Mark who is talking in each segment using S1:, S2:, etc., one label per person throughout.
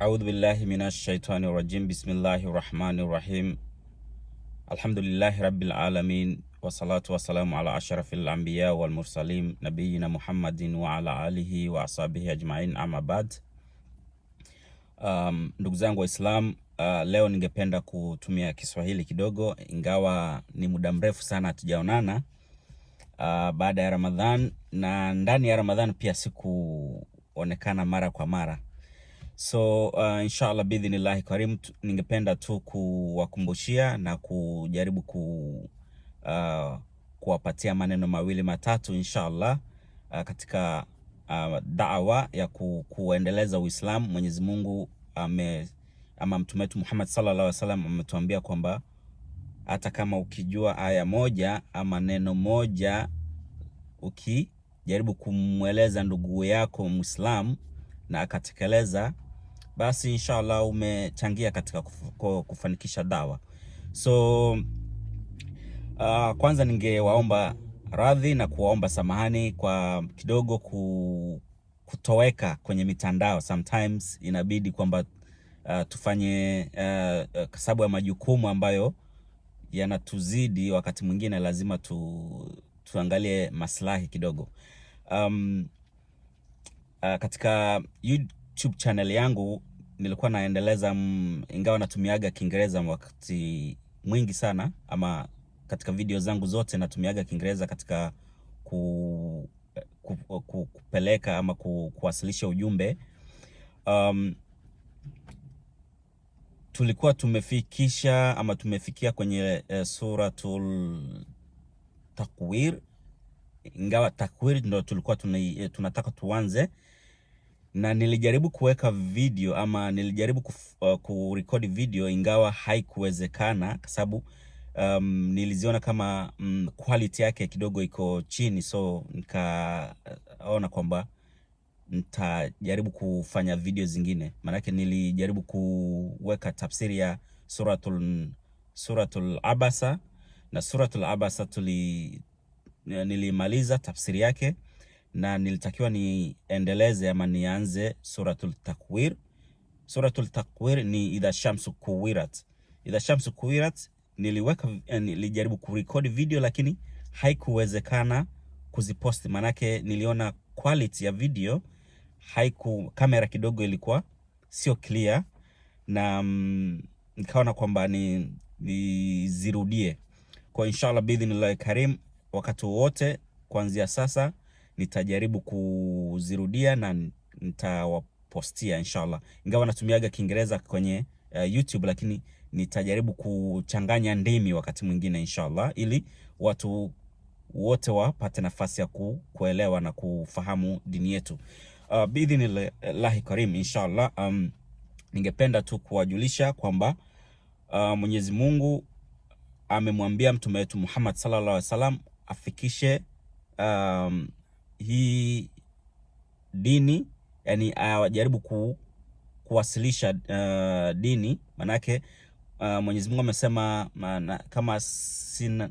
S1: Audhu billahi minash shaitani rajim. Bismillahi rahmani rahim. Alhamdulillahi rabbil wasalatu wasalamu ala ashrafil anbiya wal nabiyina Muhammadin wa alihi wa ashabihi ajmain amma Um, ndugu zangu Waislam, uh, leo ningependa kutumia Kiswahili kidogo, ingawa ni muda mrefu sana hatujaonana uh, baada ya Ramadhan na ndani ya Ramadhan pia sikuonekana mara kwa mara So uh, inshallah bidhinillahi karim, ningependa tu kuwakumbushia na kujaribu ku uh, kuwapatia maneno mawili matatu inshallah uh, katika uh, daawa ya ku, kuendeleza Uislamu. Mwenyezi Mungu ame ama mtume wetu Muhammad sallallahu alaihi wasallam ametuambia kwamba hata kama ukijua aya moja ama neno moja ukijaribu kumweleza ndugu yako Muislamu na akatekeleza basi inshallah umechangia katika kufanikisha dawa. So uh, kwanza ningewaomba radhi na kuwaomba samahani kwa kidogo ku, kutoweka kwenye mitandao. Sometimes inabidi kwamba uh, tufanye uh, kwa sababu ya majukumu ambayo yanatuzidi wakati mwingine lazima tu, tuangalie maslahi kidogo um, uh, katika YouTube channel yangu nilikuwa naendeleza, mm, ingawa natumiaga Kiingereza wakati mwingi sana, ama katika video zangu zote natumiaga Kiingereza katika ku, ku, ku, kupeleka ama ku, kuwasilisha ujumbe um, tulikuwa tumefikisha ama tumefikia kwenye e, suratul Takwir, ingawa Takwir ndo tulikuwa e, tunataka tuanze na nilijaribu kuweka video ama nilijaribu kuf, uh, kurekodi video ingawa haikuwezekana kwa sababu um, niliziona kama um, quality yake kidogo iko chini, so nikaona kwamba nitajaribu kufanya video zingine. Maanake nilijaribu kuweka tafsiri ya suratul, suratul Abasa na suratul Abasa tuli, nilimaliza tafsiri yake na nilitakiwa niendeleze ama nianze suratul takwir. Suratul takwir ni idha shamsu kuwirat. Idha shamsu kuwirat niliweka, nilijaribu kurekodi video lakini haikuwezekana kuziposti, manake niliona quality ya video haiku, kamera kidogo ilikuwa sio clear na mm, nikaona kwamba ni nizirudie kwa inshallah, biidhnillahi karim, wakati wowote kuanzia sasa nitajaribu kuzirudia na nitawapostia inshallah, ingawa natumiaga Kiingereza kwenye uh, YouTube, lakini nitajaribu kuchanganya ndimi wakati mwingine inshallah, ili watu wote wapate nafasi ya kuelewa na kufahamu dini yetu uh, bidhinillahi karim inshallah. Um, ningependa tu kuwajulisha kwamba uh, Mwenyezi Mungu amemwambia mtume wetu Muhammad sallallahu alaihi wasallam afikishe um, hii dini yani awajaribu uh, ku, kuwasilisha uh, dini manake uh, Mwenyezi Mungu amesema kama,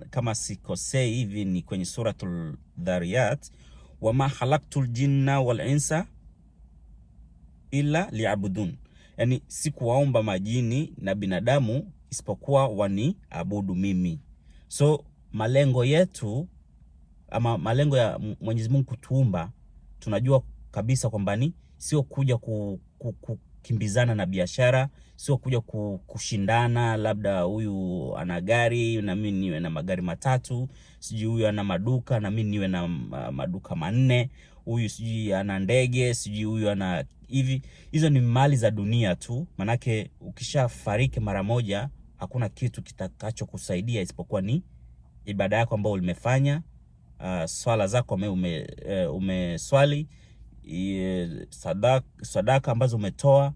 S1: kama sikosei hivi ni kwenye Suratul Dhariyat, wama khalaqtul jinna wal insa illa liabudun yani kuwaomba majini na binadamu isipokuwa waniabudu mimi. So malengo yetu ama malengo ya Mwenyezi Mungu kutuumba, tunajua kabisa kwamba ni sio kuja ku, ku, na biashara, sio kuja kushindana, labda huyu ana gari na mimi niwe na magari matatu, sijui huyu ana maduka na mimi niwe na maduka manne, huyu sijui ana ndege, sijui huyu ana hivi. Hizo ni mali za dunia tu, manake ukishafariki mara moja hakuna kitu kitakachokusaidia isipokuwa ni ibada yako ambayo ulimefanya uh, swala zako ume, uh, umeswali uh, eh, sadaka, sadaka ambazo umetoa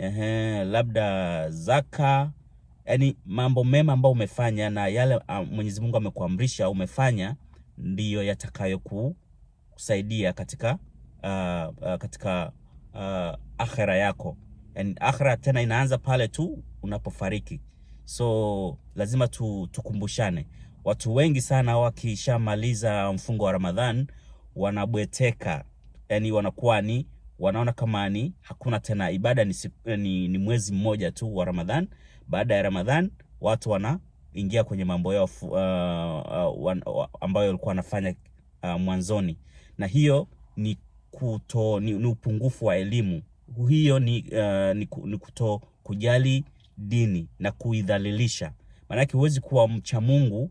S1: uh, labda zaka, yani mambo mema ambayo umefanya na yale uh, Mwenyezi Mungu amekuamrisha umefanya, ndiyo yatakayo kusaidia katika, uh, uh, katika uh, akhera yako. And akhera tena inaanza pale tu unapofariki, so lazima tu, tukumbushane watu wengi sana wakishamaliza mfungo wa Ramadhan wanabweteka, yani wanakuwa ni wanaona kama ni hakuna tena ibada ni, ni, ni mwezi mmoja tu wa Ramadhan. Baada ya Ramadhan watu wanaingia kwenye mambo yao uh, uh, ambayo walikuwa wanafanya uh, mwanzoni, na hiyo ni kuto, ni, ni upungufu wa elimu hiyo ni, uh, ni, ni kuto kujali dini na kuidhalilisha, maanake huwezi kuwa mcha Mungu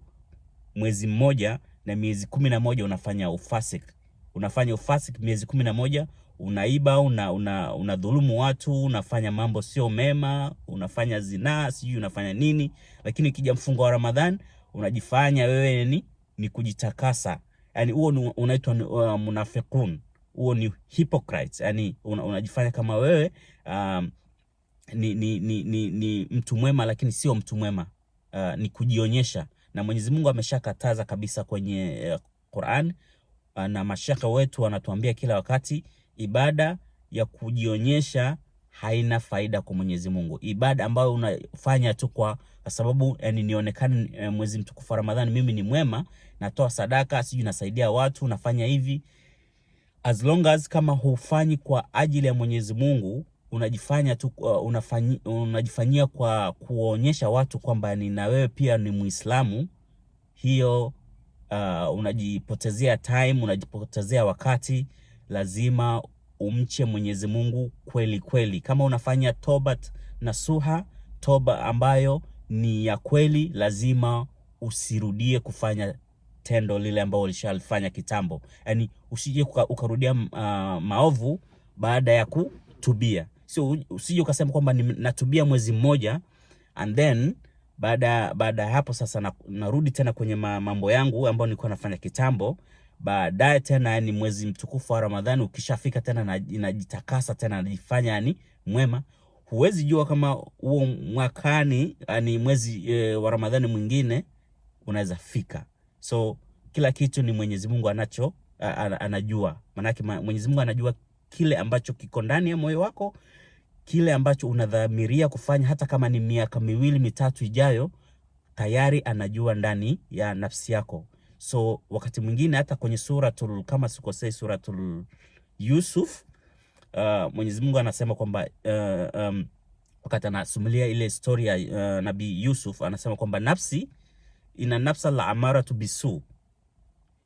S1: mwezi mmoja na miezi kumi na moja unafanya ufasik, unafanya ufasik miezi kumi na moja unaiba unadhulumu una, una, watu, unafanya mambo sio mema, unafanya zinaa, sijui unafanya nini, lakini ukija mfungo wa Ramadhan unajifanya wewe ni, ni kujitakasa. Yani huo unaitwa uh, munafikun. Huo ni hypocrite, yani una, unajifanya kama wewe um, ni, ni, ni, ni, ni mtu mwema lakini sio mtu mwema. Uh, ni kujionyesha na Mwenyezi Mungu ameshakataza kabisa kwenye eh, Qur'an, ah, na mashaka wetu wanatuambia kila wakati, ibada ya kujionyesha haina faida kwa Mwenyezi Mungu. Ibada ambayo unafanya tu kwa sababu yani, nionekane eh, mwezi mtukufu wa Ramadhani mimi ni mwema, natoa sadaka, sijui nasaidia watu, nafanya hivi, as long as kama hufanyi kwa ajili ya Mwenyezi Mungu unajifanya tu uh, unafanyi, unajifanyia kwa kuonyesha watu kwamba ni na wewe pia ni Muislamu, hiyo uh, unajipotezea time, unajipotezea wakati. Lazima umche Mwenyezi Mungu kweli kweli. Kama unafanya na suha, toba ambayo ni ya kweli, lazima usirudie kufanya tendo lile ambalo ulishalifanya kitambo, yani usije ukarudia uh, maovu baada ya kutubia sio usije ukasema kwamba natubia mwezi mmoja and then baada baada hapo sasa na, narudi tena kwenye ma, mambo yangu ambayo nilikuwa nafanya kitambo. Baadaye tena yani mwezi mtukufu wa Ramadhani ukishafika tena najitakasa tena najifanya yani mwema. Huwezi jua kama huo mwakani ni mwezi e, wa Ramadhani mwingine unaweza fika. So kila kitu ni Mwenyezi Mungu anacho a, a, anajua, maanake Mwenyezi Mungu anajua kile ambacho kiko ndani ya moyo wako, kile ambacho unadhamiria kufanya, hata kama ni miaka miwili mitatu ijayo, tayari anajua ndani ya nafsi yako. So wakati mwingine hata kwenye suratul, kama sikosei, suratul Yusuf, uh, Mwenyezi Mungu anasema kwamba uh, um, wakati anasimulia ile story ya uh, Nabii Yusuf anasema kwamba nafsi ina nafsa la amaratu bisu,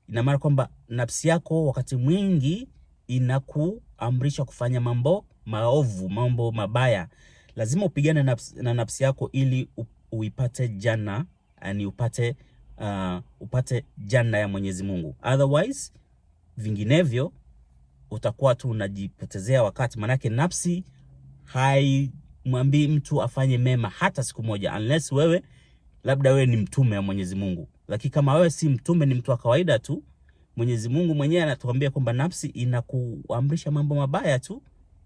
S1: ina maana kwamba nafsi yako wakati mwingi inakuamrisha kufanya mambo maovu, mambo mabaya. Lazima upigane na nafsi yako ili uipate jana, yani upate uh, upate jana ya Mwenyezi Mungu. Otherwise, vinginevyo utakuwa tu unajipotezea wakati, manake nafsi haimwambii mtu afanye mema hata siku moja, unless wewe labda wewe ni mtume wa Mwenyezi Mungu, lakini kama wewe si mtume, ni mtu wa kawaida tu Mwenyezi Mungu mwenyewe anatuambia kwamba nafsi inakuamrisha mambo mabaya tu,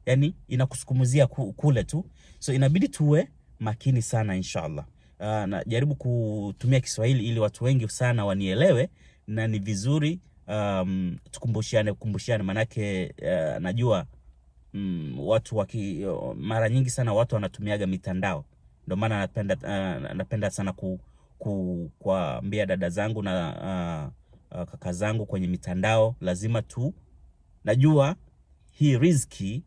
S1: yani inakusukumuzia kule tu, so inabidi tuwe makini sana inshallah. Uh, ah, najaribu kutumia Kiswahili ili watu wengi sana wanielewe, na ni vizuri um, tukumbushiane kukumbushane, manake uh, najua um, watu waki, mara nyingi sana watu wanatumiaga mitandao, ndio maana napenda uh, napenda sana ku, ku, kuambia dada zangu na uh, uh, kaka zangu kwenye mitandao, lazima tu najua hii riziki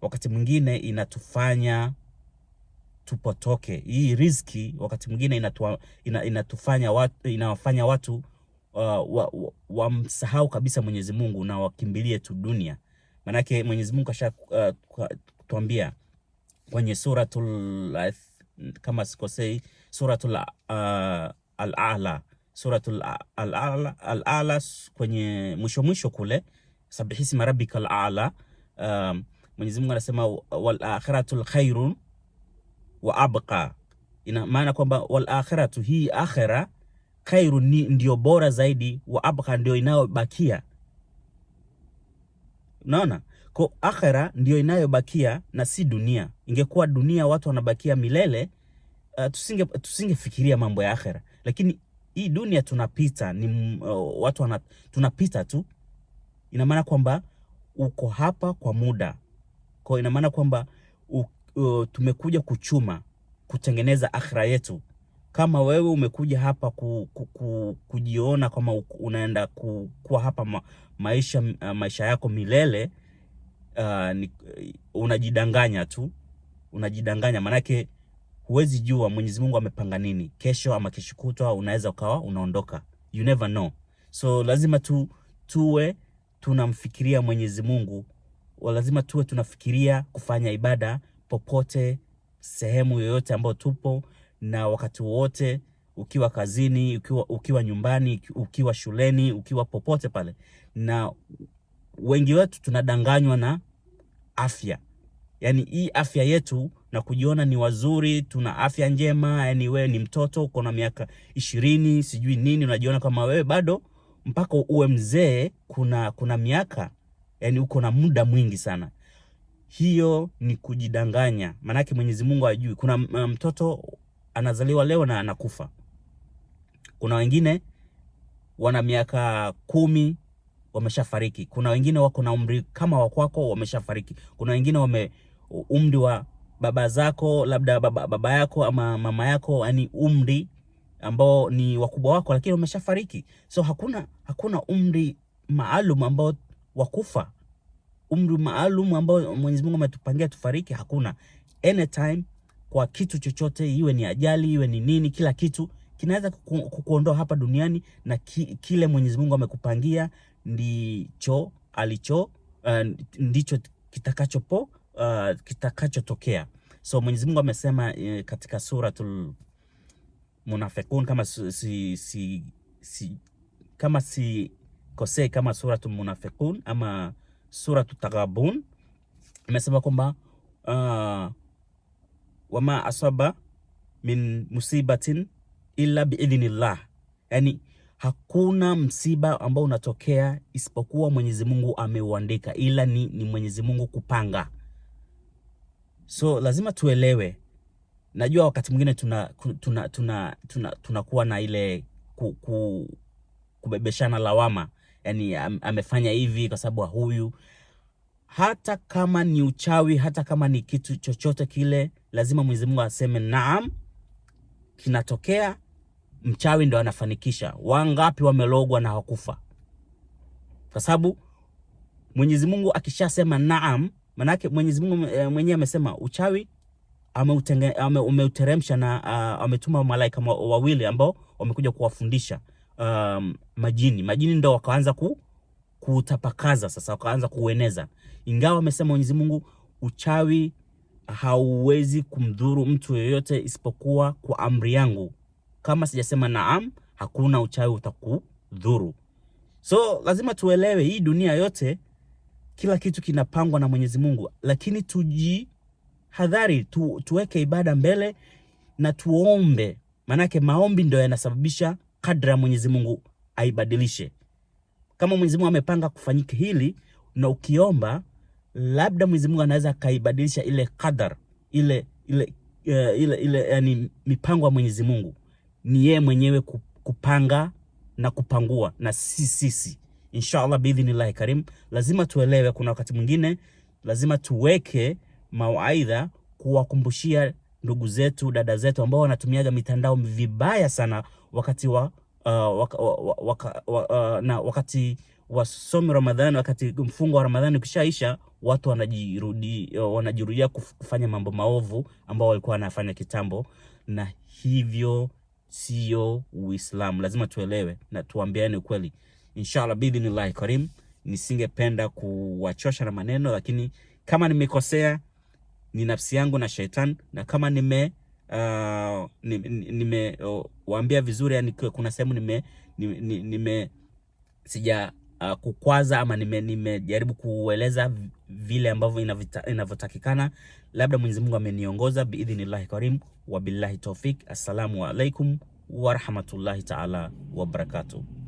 S1: wakati mwingine inatufanya tupotoke. Hii riziki wakati mwingine inatu, ina, inatufanya watu, inawafanya watu uh, wamsahau wa, wa kabisa Mwenyezi Mungu na wakimbilie tu dunia. maanake Mwenyezi Mungu kasha uh, tuambia kwenye suratul kama sikosei suratul uh, al-A'la Suratul Al-A'la kwenye mwisho mwisho kule, sabihisma rabbikal a'la. Um, Mwenyezi Mungu anasema wal akhiratu khairun wa abqa, ina maana kwamba wal akhiratu, hii akhira, khairun ni ndio bora zaidi, wa abqa ndio inayobakia. Unaona, kwa akhira ndio inayobakia na si dunia. Ingekuwa dunia watu wanabakia milele, uh, tusinge tusingefikiria mambo ya akhira, lakini hii dunia tunapita, ni mm, uh, watu wana, tunapita tu. Ina maana kwamba uko hapa kwa muda, kwa ina maana kwamba uh, tumekuja kuchuma kutengeneza akhira yetu. Kama wewe umekuja hapa ku, ku, ku, kujiona kama unaenda ku, kuwa hapa ma, maisha, uh, maisha yako milele uh, ni, uh, unajidanganya tu, unajidanganya maanake huwezi jua Mwenyezi Mungu amepanga nini kesho ama kesho kutwa, unaweza ukawa unaondoka, you never know. So lazima tu tuwe tunamfikiria Mwenyezi Mungu, lazima tuwe tunafikiria kufanya ibada popote, sehemu yoyote ambayo tupo na wakati wowote, ukiwa kazini, ukiwa, ukiwa nyumbani, ukiwa shuleni, ukiwa popote pale. Na wengi wetu tunadanganywa na afya yani hii afya yetu na kujiona ni wazuri, tuna afya njema. Yani wewe ni mtoto, uko na miaka ishirini sijui nini, unajiona kama wewe bado mpaka uwe mzee, kuna kuna miaka yani uko na muda mwingi sana. Hiyo ni kujidanganya, maanake Mwenyezi Mungu ajui. Kuna uh, mtoto anazaliwa leo na anakufa. Kuna wengine wana miaka kumi wameshafariki. Kuna wengine wako na umri kama wakwako wameshafariki. Kuna wengine wame umri wa baba zako labda baba, baba yako ama mama yako, yani umri ambao ni wakubwa wako, lakini wameshafariki So hakuna hakuna umri maalum ambao wakufa, umri maalum ambao Mwenyezi Mungu ametupangia tufariki, hakuna. Anytime, kwa kitu chochote, iwe ni ajali, iwe ni nini, kila kitu kinaweza kuku, kukuondoa hapa duniani na ki, kile Mwenyezi Mungu amekupangia ndicho alicho uh, ndicho kitakachopo uh, kitakachotokea. So Mwenyezi Mungu amesema uh, katika Suratul Munafiqun kama si, si, si, kama sikosei kama Suratul Munafiqun ama Suratul Taghabun amesema kwamba uh, wama asaba min musibatin illa biidhnillah, yani hakuna msiba ambao unatokea isipokuwa Mwenyezi Mungu ameuandika, ila ni, ni Mwenyezi Mungu kupanga. So lazima tuelewe. Najua wakati mwingine tunakuwa tuna, tuna, tuna, tuna na ile ku, ku, kubebeshana lawama, yani amefanya hivi kwa sababu huyu. Hata kama ni uchawi, hata kama ni kitu chochote kile, lazima Mwenyezi Mungu aseme naam, kinatokea. Mchawi ndo anafanikisha. Wangapi wamelogwa na hakufa? Kwa sababu Mwenyezi Mungu akishasema naam Manake Mwenyezi Mungu eh, mwenyewe amesema uchawi ameuteremsha na uh, ametuma malaika wawili ambao wamekuja kuwafundisha um, majini. Majini ndo wakaanza ku, kutapakaza sasa, wakaanza kueneza, ingawa amesema Mwenyezi Mungu uchawi hauwezi kumdhuru mtu yoyote isipokuwa kwa amri yangu. Kama sijasema naam, hakuna uchawi utakudhuru. So lazima tuelewe hii dunia yote kila kitu kinapangwa na Mwenyezi Mungu, lakini tujihadhari tu, tuweke ibada mbele na tuombe, maanake maombi ndio yanasababisha kadra ya Mwenyezi Mungu aibadilishe. Kama Mwenyezi Mungu amepanga kufanyika hili na ukiomba, labda Mwenyezi Mungu anaweza akaibadilisha ile kadar ile ile uh, ile, ile yani, mipango ya Mwenyezi Mungu ni yeye mwenyewe kupanga na kupangua na si sisi inshallah biidhnillahi karim. Lazima tuelewe, kuna wakati mwingine lazima tuweke mawaidha kuwakumbushia ndugu zetu, dada zetu ambao wanatumiaga mitandao vibaya sana wakati wa uh, waka, waka, waka, uh, na wakati wasomi Ramadhani, wakati mfungo wa Ramadhani ukishaisha watu wanajirudi, uh, wanajirudia kufanya mambo maovu ambao walikuwa wanafanya kitambo, na hivyo sio Uislamu. Lazima tuelewe na tuambiane ukweli inshallah ni bidhnillahi karim. Nisingependa kuwachosha na maneno, lakini kama nimekosea ni nafsi yangu na shetani, na kama nime uh, nimewaambia nime, uh, vizuri yani, kuna sehemu nime, nime, nime sija uh, kukwaza ama nimejaribu nime kueleza vile ambavyo inavyotakikana, labda Mwenyezi Mungu ameniongoza biidhnillahi karim. Wabillahi taufik, assalamu alaikum warahmatullahi taala wabarakatuh.